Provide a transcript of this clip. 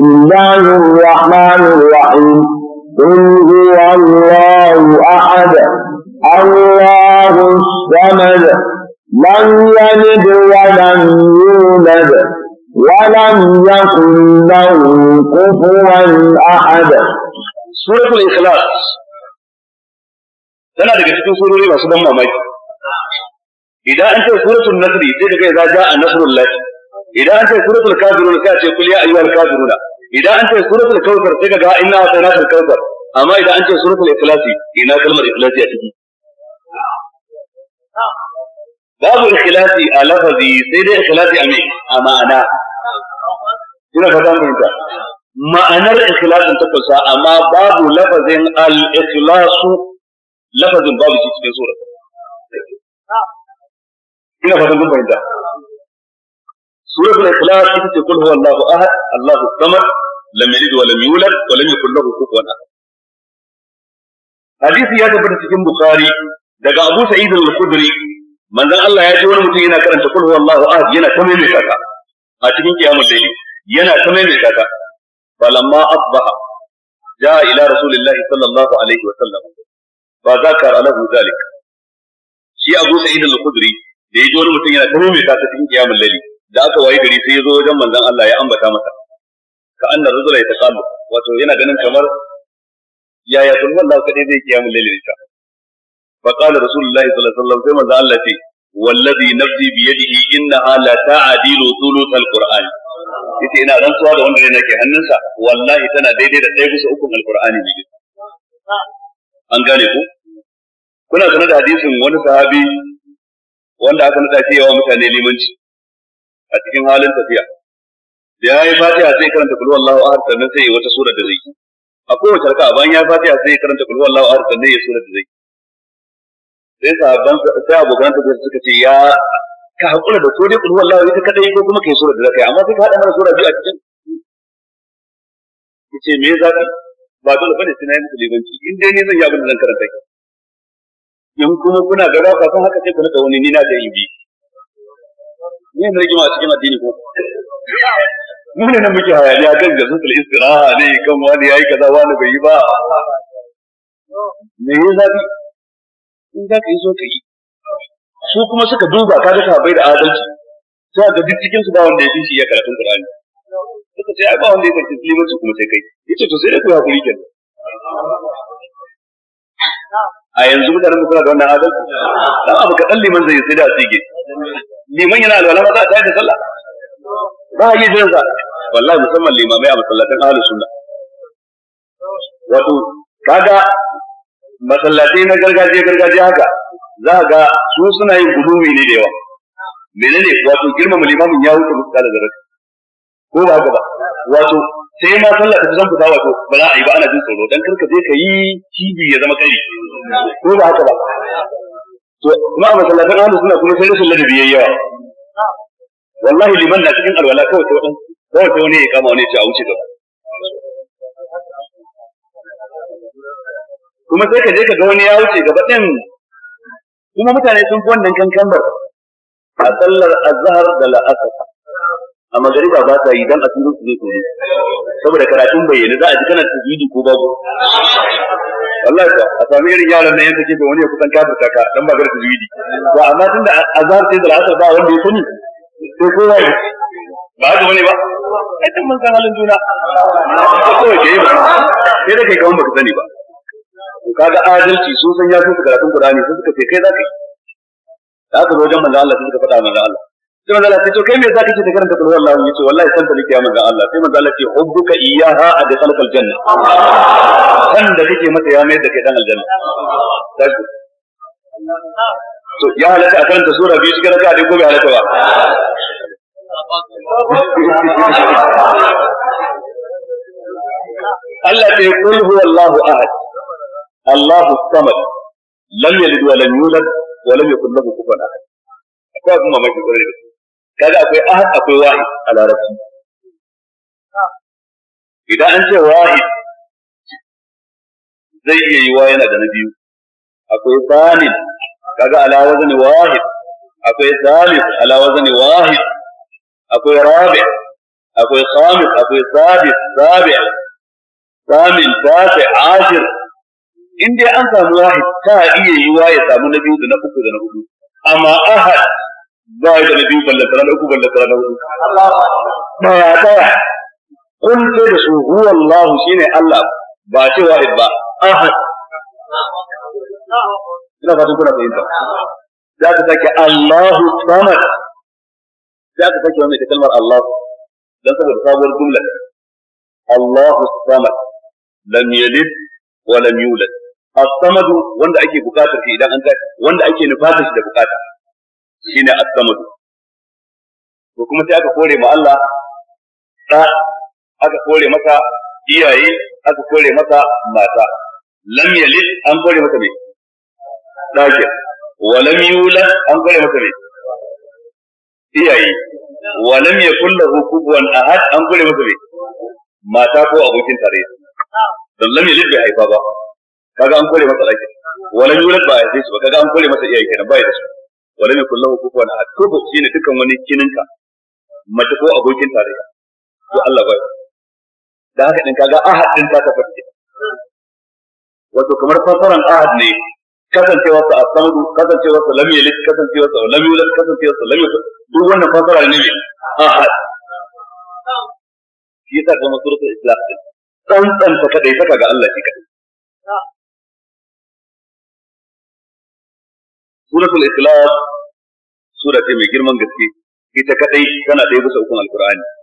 بسم الله الرحمن الرحيم قل هو الله أحد الله الصمد لم يلد ولم يولد ولم يكن له كفوا أحد سورة الإخلاص tana daga cikin surori masu ban mamaki idan an ce suratul nasri sai kaga idza jaa nasrullahi idan an ce suratul kafirun sai a ce kul ya ayyuhal kafiruna idan an ce suratul kautsar sai ga inna atayna al kautsar amma idan an ce suratul ikhlasi ina kalmar ikhlasi a ciki babu ikhlasi a lafazi sai dai ikhlasi a me a ma'ana ina fata mun ta ma'anar ikhlasin ta kusa amma babu lafazin al ikhlasu lafazin babu cikin sura ina fata mun fahimta suratul ikhlas ita ce kul huwallahu ahad allahu samad lam wa lam yulad wa lam yakul lahu kufuwan ahad hadisi ya tabbata cikin bukhari daga abu sa'id al-khudri manzon Allah ya ji wani mutum yana karanta kul huwallahu ahad yana ta mai kaka a cikin kiyamul layli yana ta mai kaka falamma asbaha jaa ila rasulillahi sallallahu alaihi wa sallam fa zakara shi abu al da ya wani mutum yana ta mai kaka cikin kiyamul layli da aka waye gari sai ya zo wajen manzon Allah ya ambata masa ka anna rajula yataqallu wato yana ganin kamar yaya sun Allah dai zai kiyamu lalle ta fa qala rasulullahi sallallahu alaihi wasallam sai manzon Allah ce wallazi nafsi bi yadihi innaha la ta'dilu thuluth alquran yace ina rantsuwa da wanda ne ke hannunsa wallahi tana daidai da ɗaya bisa ukun alqur'ani ne an gane ku kuna sanar da hadisin wani sahabi wanda aka nada shi yawa mutane limanci a cikin halin tafiya da ya yi fatiha sai karanta kulhu Allahu ahad sannan sai wata sura da zai a kowace raka bayan ya fatiha sai karanta kulhu Allahu ahad sannan ya sura da zai sai sahabban sai abokan tafiyar suka ce ya ka hakura da ko dai kulhu Allahu ita kadai ko kuma kai sura da zaka yi amma sai ka hada mana sura biyu a cikin yace me zaka ba dole bane sai na yi muku libanci in dai ni zan yi abin da zan karanta in kuma kuna ga ba ka san haka sai ku nada wani ni na da yi biyu ne ne rigima a cikin addini ko mu ne nan muke hayaniya kan jazatul istiraha ne kan wani yayi kaza wani bai yi ba me ya zabi in za ka yi zo ka yi su kuma suka duba ka ga bai da adalci sai ga duk cikin su ba wanda ya fi shi ya karatun Qur'ani suka ce ai ba wanda ya karatun limanci kuma sai kai yace to sai da ku hakuri kenan a yanzu mutanen mu kuna da wannan adalci dan abu kaɗan liman zai sai da sige liman yana da walama za ta yi da sallah ba a yi jiran sa wallahi musamman limamai a masallatan ahlus sunna wato kaga masallatai na gargajiya gargajiya haka za ga su suna yin gudumi ne da yawa menene wato girmama limamin ya wuce musu da zarar ko ba haka ba wato sai ma sallah ta zan fita wato ba za a yi ba ana jin tsoro dan karka je ka yi cibi ya zama kari ko ba haka ba to ma masallatan ahlus sunna kuma sai rashin ladabi yayi yawa wallahi liman na cikin alwala kawai ta wadan kawai ta wani ya kama wani ya a wuce gaba kuma sai ka je ka ga wani ya wuce gaba din kuma mutane sun fi wannan kankanbar. a sallar azhar da la'asar a magariba ba ta yi dan asirin su zai tsoro saboda karatun bayyana za a ji kana tajwidi ko babu wallahi ko a sami irin yaran nan yanda kike wani ya kusan kafin ka dan ba garka zuwidi to amma tunda azhar sai da asar ba wanda ya sani sai kowa ba ga wani ba ai tun mun san halin juna ko ke ba sai da kai kawai baka sani ba kaga adalci sun san ya su karatun Qur'ani su suka ce kai zaka yi da aka zo wajen manzo Allah sai suka faɗa manzo Allah sai manzo Allah ya ce kai me zaka ce ta karanta kullu Allah ya ce wallahi san ta nake manzo Allah sai manzo Allah ya ce hubbuka iyyaha adkhalakal janna san da kake mata ya mai da kai dan aljanna to ya halatta a karanta sura biyu cikin raka'a dai ko bai halatta ba Allah ya kul huwallahu ahad Allahu samad lam yalid wa lam yulad wa lam yakul lahu kufuwan ahad akwai kuma mamaki da kaga akwai ahad akwai wahid a larabci idan an ce wahid zai iya yi wa yana da na biyu akwai tsanin kaga ala wazani wahid akwai thalith ala wazani wahid akwai rabi' akwai khamis akwai sadis sabi' samin tsafi ashir in dai an samu wahid ta iya yi wa ya samu na biyu da na uku da na hudu amma ahad ba ya da biyu ballatara na uku ballatara na hudu daya daya kun ce da su huwa Allah ne Allah ba ce wahid ba ahad ina fatan kuna fahimta za ka sake Allah samad za ka sake wannan kalmar Allah dan saboda sabuwar jumla Allah samad lam yalid wa lam yulad as wanda ake bukatar shi idan an tashi wanda ake nufatar shi da bukata shine as-samad ko kuma sai aka kore ma Allah da aka kore masa iyaye aka kore masa mata lam yalid an kore masa me dake wa lam yulad an kore masa me iyaye wa lam yakul lahu ahad an kore masa me mata ko abokin tarayya dan lam yalid bai haifa ba kaga an kore masa dake wa lam yulad ba haife shi ba kaga an kore masa iyaye kenan ba ya su wala ne kullahu wani ahad ko ba shine dukan wani ka mace ko abokin tarayya to Allah ba. da haka din kaga ahad din ta tabbata wato kamar fasaran ahad ne kasancewa sa asamdu kasancewa sa lam yalid kasancewa sa lam yulad kasancewa sa lam yulad duk wannan fasara ne ne ahad yi ta kuma suratul islam din tsantsan ta kadai saka ga Allah shi kadai suratul ikhlas surace mai girman gaske ita kadai tana ɗaya bisa ukun alqur'ani